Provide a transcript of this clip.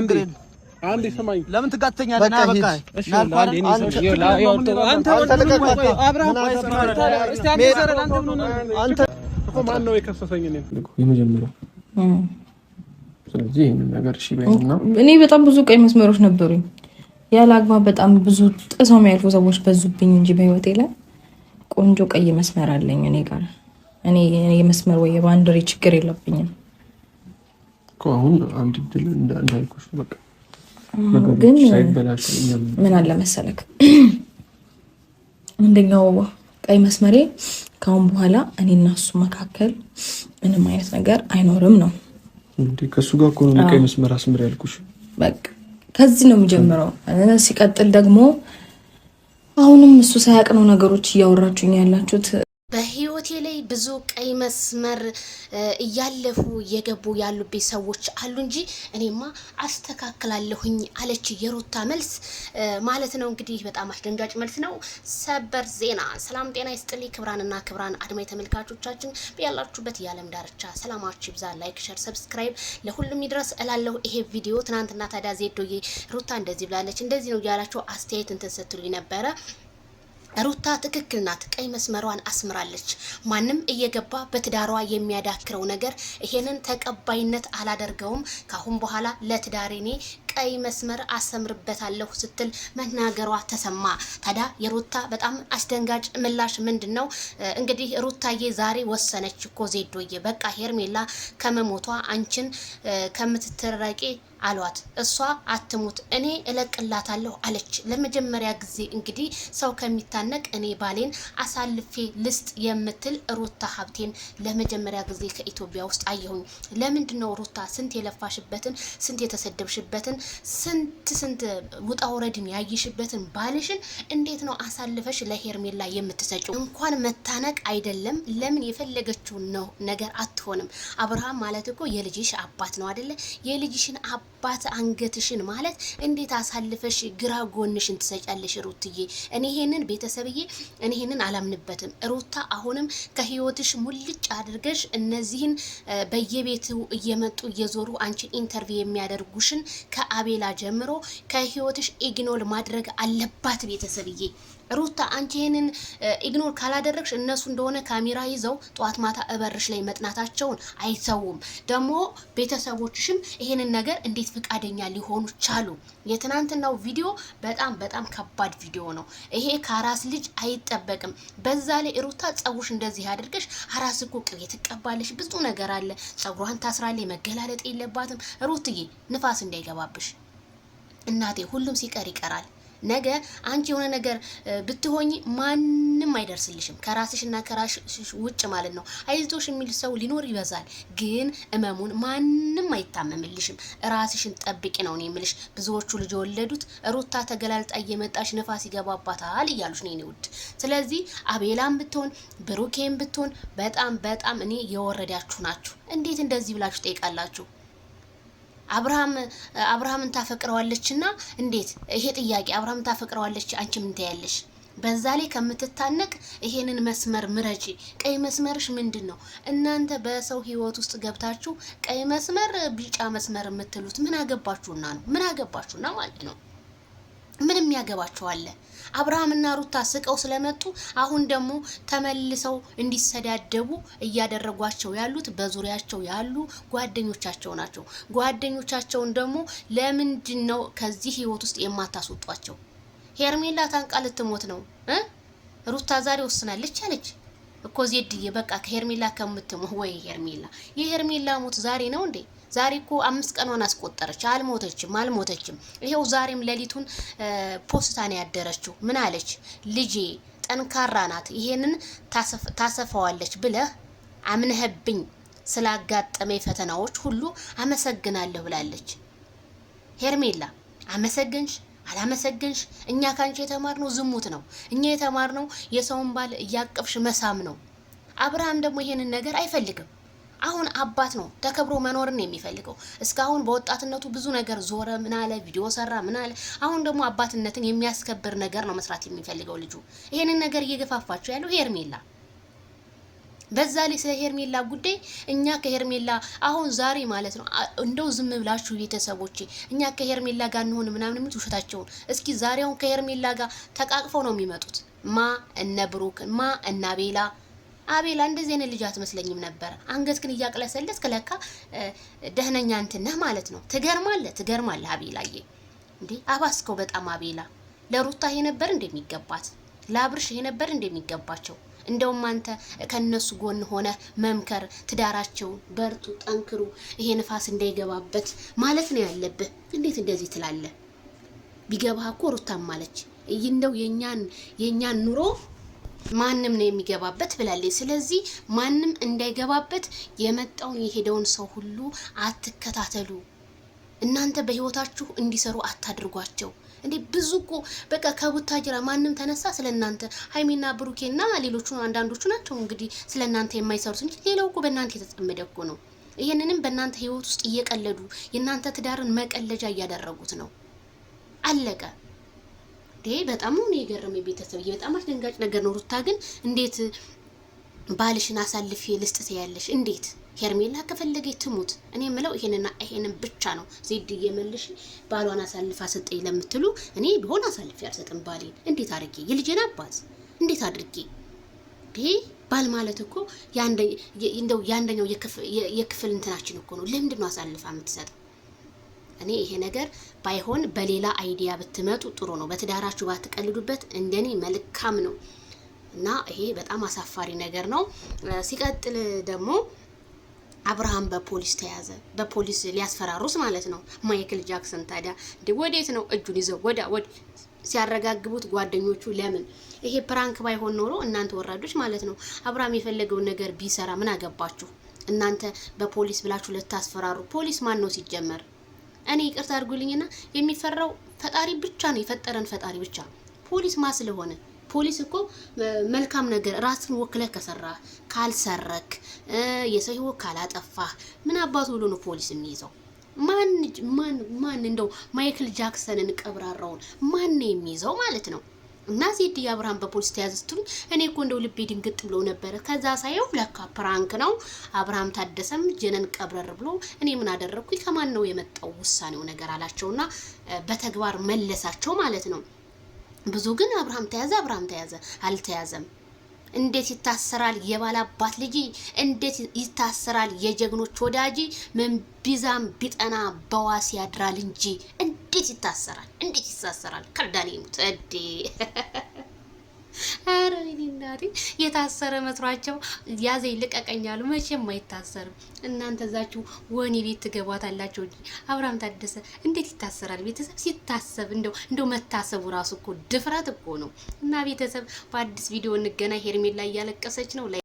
ለምን እኔ በጣም ብዙ ቀይ መስመሮች ነበሩኝ። ያለ አግባብ በጣም ብዙ ጥሰው የሚያልፉ ሰዎች በዙብኝ እንጂ በህይወቴ ላይ ቆንጆ ቀይ መስመር አለኝ እኔ ጋር። እኔ የመስመር ወይ ችግር የለብኝም። አሁን አንድ ድል እንዳልኩሽ በቃ ግን ምን አለ መሰለክ፣ አንደኛው ቀይ መስመሬ ከአሁን በኋላ እኔ እና እሱ መካከል ምንም አይነት ነገር አይኖርም ነው። ከእሱ ጋር እኮ ነው ቀይ መስመር አስምር ያልኩሽ። በቃ ከዚህ ነው የሚጀምረው። ሲቀጥል ደግሞ አሁንም እሱ ሳያቅ ነው ነገሮች እያወራችሁኝ ያላችሁት። በህይወቴ ላይ ብዙ ቀይ መስመር እያለፉ እየገቡ ያሉብኝ ሰዎች አሉ እንጂ እኔማ አስተካክላለሁኝ አለች የሩታ መልስ ማለት ነው። እንግዲህ በጣም አስደንጋጭ መልስ ነው። ሰበር ዜና። ሰላም ጤና ይስጥልኝ ክብራንና ክብራን አድማ ተመልካቾቻችን ያላችሁበት የዓለም ዳርቻ ሰላማችሁ ይብዛ። ላይክ፣ ሸር፣ ሰብስክራይብ ለሁሉም ይድረስ እላለሁ። ይሄ ቪዲዮ ትናንትና ታዲያ ዜዶዬ ሩታ እንደዚህ ብላለች እንደዚህ ነው እያላቸው አስተያየት እንትን ስትሉኝ ነበረ ሩታ ትክክል ናት። ቀይ መስመሯን አስምራለች። ማንም እየገባ በትዳሯ የሚያዳክረው ነገር ይሄንን ተቀባይነት አላደርገውም። ካሁን በኋላ ለትዳሬ እኔ ቀይ መስመር አሰምርበታለሁ ስትል መናገሯ ተሰማ። ታዲያ የሩታ በጣም አስደንጋጭ ምላሽ ምንድን ነው? እንግዲህ ሩታዬ ዛሬ ወሰነች እኮ ዜዶዬ፣ በቃ ሄርሜላ ከመሞቷ አንቺን ከምትትረቂ አሏት። እሷ አትሙት እኔ እለቅላታለሁ አለች። ለመጀመሪያ ጊዜ እንግዲህ ሰው ከሚታነቅ እኔ ባሌን አሳልፌ ልስጥ የምትል ሩታ ሀብቴን ለመጀመሪያ ጊዜ ከኢትዮጵያ ውስጥ አየሁኝ። ለምንድን ነው ሩታ ስንት የለፋሽበትን፣ ስንት የተሰደብሽበትን፣ ስንት ስንት ውጣ ውረድን ያይሽበትን ባልሽን እንዴት ነው አሳልፈሽ ለሄርሜላ የምትሰጪው? እንኳን መታነቅ አይደለም ለምን የፈለገችውን ነው ነገር አትሆንም። አብርሃም ማለት እኮ የልጅሽ አባት ነው አደለ? የልጅሽን አባ አባት አንገትሽን ማለት እንዴት አሳልፈሽ ግራ ጎንሽን ትሰጫለሽ? ሩትዬ እኔ ይሄንን ቤተሰብዬ እኔ ይሄንን አላምንበትም። ሩታ አሁንም ከህይወትሽ ሙልጭ አድርገሽ እነዚህን በየቤቱ እየመጡ እየዞሩ አንቺን ኢንተርቪው የሚያደርጉሽን ከአቤላ ጀምሮ ከህይወትሽ ኢግኖል ማድረግ አለባት ቤተሰብዬ። ሩታ አንቺ ይህንን ኢግኖር ካላደረግሽ እነሱ እንደሆነ ካሜራ ይዘው ጠዋት ማታ እበርሽ ላይ መጥናታቸውን አይተውም። ደግሞ ቤተሰቦችሽም ይህንን ነገር እንዴት ፈቃደኛ ሊሆኑ ቻሉ። የትናንትናው ቪዲዮ በጣም በጣም ከባድ ቪዲዮ ነው። ይሄ ከአራስ ልጅ አይጠበቅም። በዛ ላይ ሩታ ጸጉርሽ እንደዚህ አድርገሽ አራስ እኮ ቅቤ ትቀባለሽ፣ ብዙ ነገር አለ። ጸጉሯን ታስራለች፣ መገላለጥ የለባትም። ሩትዬ ንፋስ እንዳይገባብሽ እናቴ፣ ሁሉም ሲቀር ይቀራል። ነገ አንቺ የሆነ ነገር ብትሆኝ ማንም አይደርስልሽም ከራስሽና ከራስሽ ውጭ ማለት ነው። አይዞሽ የሚል ሰው ሊኖር ይበዛል፣ ግን እመሙን ማንም አይታመምልሽም። ራስሽን ጠብቂ ነው የምልሽ። ብዙዎቹ ልጅ የወለዱት ሩታ ተገላልጣ እየመጣች ነፋስ ይገባባታል እያሉሽ ነው ውድ። ስለዚህ አቤላም ብትሆን ብሩኬም ብትሆን በጣም በጣም እኔ የወረዳችሁ ናችሁ። እንዴት እንደዚህ ብላችሁ ጠይቃላችሁ? አብርሃም አብርሃምን ታፈቅረዋለች እና እንዴት ይሄ ጥያቄ አብርሃምን ታፈቅረዋለች አንቺ ምን ትያለሽ? በዛ ላይ ከምትታነቅ ይሄንን መስመር ምረጪ። ቀይ መስመርሽ ምንድን ነው? እናንተ በሰው ህይወት ውስጥ ገብታችሁ ቀይ መስመር ቢጫ መስመር የምትሉት ምን አገባችሁና ነው? ምን አገባችሁና ማለት ነው? ምንም ያገባቸዋል። አብርሃምና ሩታ ስቀው ስለመጡ አሁን ደግሞ ተመልሰው እንዲሰዳደቡ እያደረጓቸው ያሉት በዙሪያቸው ያሉ ጓደኞቻቸው ናቸው። ጓደኞቻቸውን ደግሞ ለምንድን ነው ከዚህ ህይወት ውስጥ የማታስወጧቸው? ሄርሜላ ታንቃ ልትሞት ነው። ሩታ ዛሬ ወስናለች አለች እኮ ዜድዬ፣ በቃ ከሄርሜላ ከምትሞ ወይ ሄርሜላ የሄርሜላ ሞት ዛሬ ነው እንዴ? ዛሬ እኮ አምስት ቀኗን አስቆጠረች። አልሞተችም አልሞተችም። ይሄው ዛሬም ሌሊቱን ፖስታን ያደረችው ምን አለች? ልጄ ጠንካራ ናት፣ ይሄንን ታሰፋዋለች ብለህ አምነህብኝ ስላጋጠመ ፈተናዎች ሁሉ አመሰግናለሁ ብላለች። ሄርሜላ አመሰገንሽ አላመሰገንሽ እኛ ካንቺ የተማርነው ዝሙት ነው። እኛ የተማርነው የሰውን ባል እያቀፍሽ መሳም ነው። አብርሃም ደግሞ ይሄንን ነገር አይፈልግም። አሁን አባት ነው ተከብሮ መኖርን የሚፈልገው። እስካሁን በወጣትነቱ ብዙ ነገር ዞረ፣ ምናለ ቪዲዮ ሰራ፣ ምናለ። አሁን ደግሞ አባትነትን የሚያስከብር ነገር ነው መስራት የሚፈልገው ልጁ። ይሄንን ነገር እየገፋፋቸው ያለው ሄርሜላ። በዛ ላይ ስለ ሄርሜላ ጉዳይ እኛ ከሄርሜላ አሁን ዛሬ ማለት ነው እንደው ዝም ብላችሁ ቤተሰቦቼ እኛ ከሄርሜላ ጋር እንሆን ምናምን የሚሉት ውሸታቸውን። እስኪ ዛሬውን ከሄርሜላ ጋር ተቃቅፈው ነው የሚመጡት ማ እነ ብሩክ ማ እነ ቤላ አቤላ እንደዚህ አይነት ልጅ አትመስለኝም ነበር። አንገት ግን እያቅለሰለስ ከለካ ደህነኛ እንትን ነህ ማለት ነው። ትገርማለህ፣ ትገርማለህ አቤላዬ። እንዴ አባስከው በጣም አቤላ። ለሩታ ይሄ ነበር እንደሚገባት፣ ለአብርሽ ይሄ ነበር እንደሚገባቸው። እንደውም አንተ ከነሱ ጎን ሆነ መምከር፣ ትዳራቸውን በርቱ፣ ጠንክሩ፣ ይሄ ንፋስ እንዳይገባበት ማለት ነው ያለብህ። እንዴት እንደዚህ ትላለህ? ቢገባህ እኮ ሩታም ማለች እንደው የኛን የኛን ኑሮ ማንም ነው የሚገባበት ብላለች። ስለዚህ ማንም እንዳይገባበት የመጣውን የሄደውን ሰው ሁሉ አትከታተሉ። እናንተ በህይወታችሁ እንዲሰሩ አታድርጓቸው። እንዴ ብዙ እኮ በቃ ከቡታጅራ ማንም ተነሳ ስለ እናንተ ሀይሜና ብሩኬና ሌሎቹ አንዳንዶቹ ናቸው እንግዲህ ስለ እናንተ የማይሰሩት እንጂ ሌላው እኮ በእናንተ የተጠመደ እኮ ነው። ይህንንም በእናንተ ህይወት ውስጥ እየቀለዱ የእናንተ ትዳርን መቀለጃ እያደረጉት ነው። አለቀ። ይሄ በጣም ነው የገረመኝ። ቤተሰብ በጣም አስደንጋጭ ነገር ነው። ሩታ ግን እንዴት ባልሽን አሳልፌ ልስጥ ትያለሽ? እንዴት ሄርሜላ ከፈለገች ትሙት። እኔ የምለው ይሄንና ይሄንን ብቻ ነው። ዜድ እየመልሽ ባሏን አሳልፋ ስጠኝ ለምትሉ እኔ ቢሆን አሳልፌ አልሰጥም ባሌን። እንዴት አድርጌ የልጄን አባት እንዴት አድርጌ ይሄ ባል ማለት እኮ እንደው የአንደኛው የክፍል እንትናችን እኮ ነው። ለምንድን ነው አሳልፋ የምትሰጠው? እኔ ይሄ ነገር ባይሆን በሌላ አይዲያ ብትመጡ ጥሩ ነው። በትዳራችሁ ባትቀልዱበት እንደኔ መልካም ነው እና ይሄ በጣም አሳፋሪ ነገር ነው። ሲቀጥል ደግሞ አብርሃም በፖሊስ ተያዘ። በፖሊስ ሊያስፈራሩስ ማለት ነው። ማይክል ጃክሰን ታዲያ እንዲ ወዴት ነው እጁን ይዘው ወዳ ወድ ሲያረጋግቡት ጓደኞቹ ለምን ይሄ ፕራንክ ባይሆን ኖሮ እናንተ ወራዶች ማለት ነው። አብርሃም የፈለገውን ነገር ቢሰራ ምን አገባችሁ እናንተ? በፖሊስ ብላችሁ ልታስፈራሩ ፖሊስ ማን ነው ሲጀመር? እኔ ይቅርታ አድርጉልኝና የሚፈራው ፈጣሪ ብቻ ነው፣ የፈጠረን ፈጣሪ ብቻ። ፖሊስ ማ ስለሆነ ፖሊስ እኮ መልካም ነገር ራስን ወክለህ ከሰራ ካልሰረክ፣ የሰው ህይወት ካላጠፋህ ምን አባቱ ብሎ ነው ፖሊስ የሚይዘው? ማን ማን ማን እንደው ማይክል ጃክሰንን ቀብራራውን ማን ነው የሚይዘው ማለት ነው? እና ዜድ አብርሃም በፖሊስ ተያዘ ስትሉኝ እኔ እኮ እንደው ልቤ ድንግጥ ብሎ ነበረ። ከዛ ሳየው ለካ ፕራንክ ነው። አብርሃም ታደሰም ጀነን ቀብረር ብሎ እኔ ምን አደረግኩኝ ከማን ነው የመጣው ውሳኔው ነገር አላቸውና በተግባር መለሳቸው ማለት ነው። ብዙ ግን አብርሃም ተያዘ፣ አብርሃም ተያዘ አልተያዘም እንዴት ይታሰራል አባት ልጅ፣ እንዴት ይታሰራል የጀግኖች ወዳጅ። ቢዛም ቢጠና በዋስ ያድራል እንጂ እንዴት ይታሰራል? እንዴት ይታሰራል? ከርዳኔ ሙት እዴ ኧረ እኔ እናቴ የታሰረ መስሯቸው ያዘ ይልቀቀኛሉ። መቼም አይታሰርም። እናንተ እዛችሁ ወህኒ ቤት ትገቧታላችሁ እንጂ አብርሃም ታደሰ እንዴት ይታሰራል? ቤተሰብ ሲታሰብ እንደው እንደው መታሰቡ ራሱ እኮ ድፍረት እኮ ነው። እና ቤተሰብ በአዲስ ቪዲዮ እንገናኝ። ሄርሜላ እያለቀሰች ነው።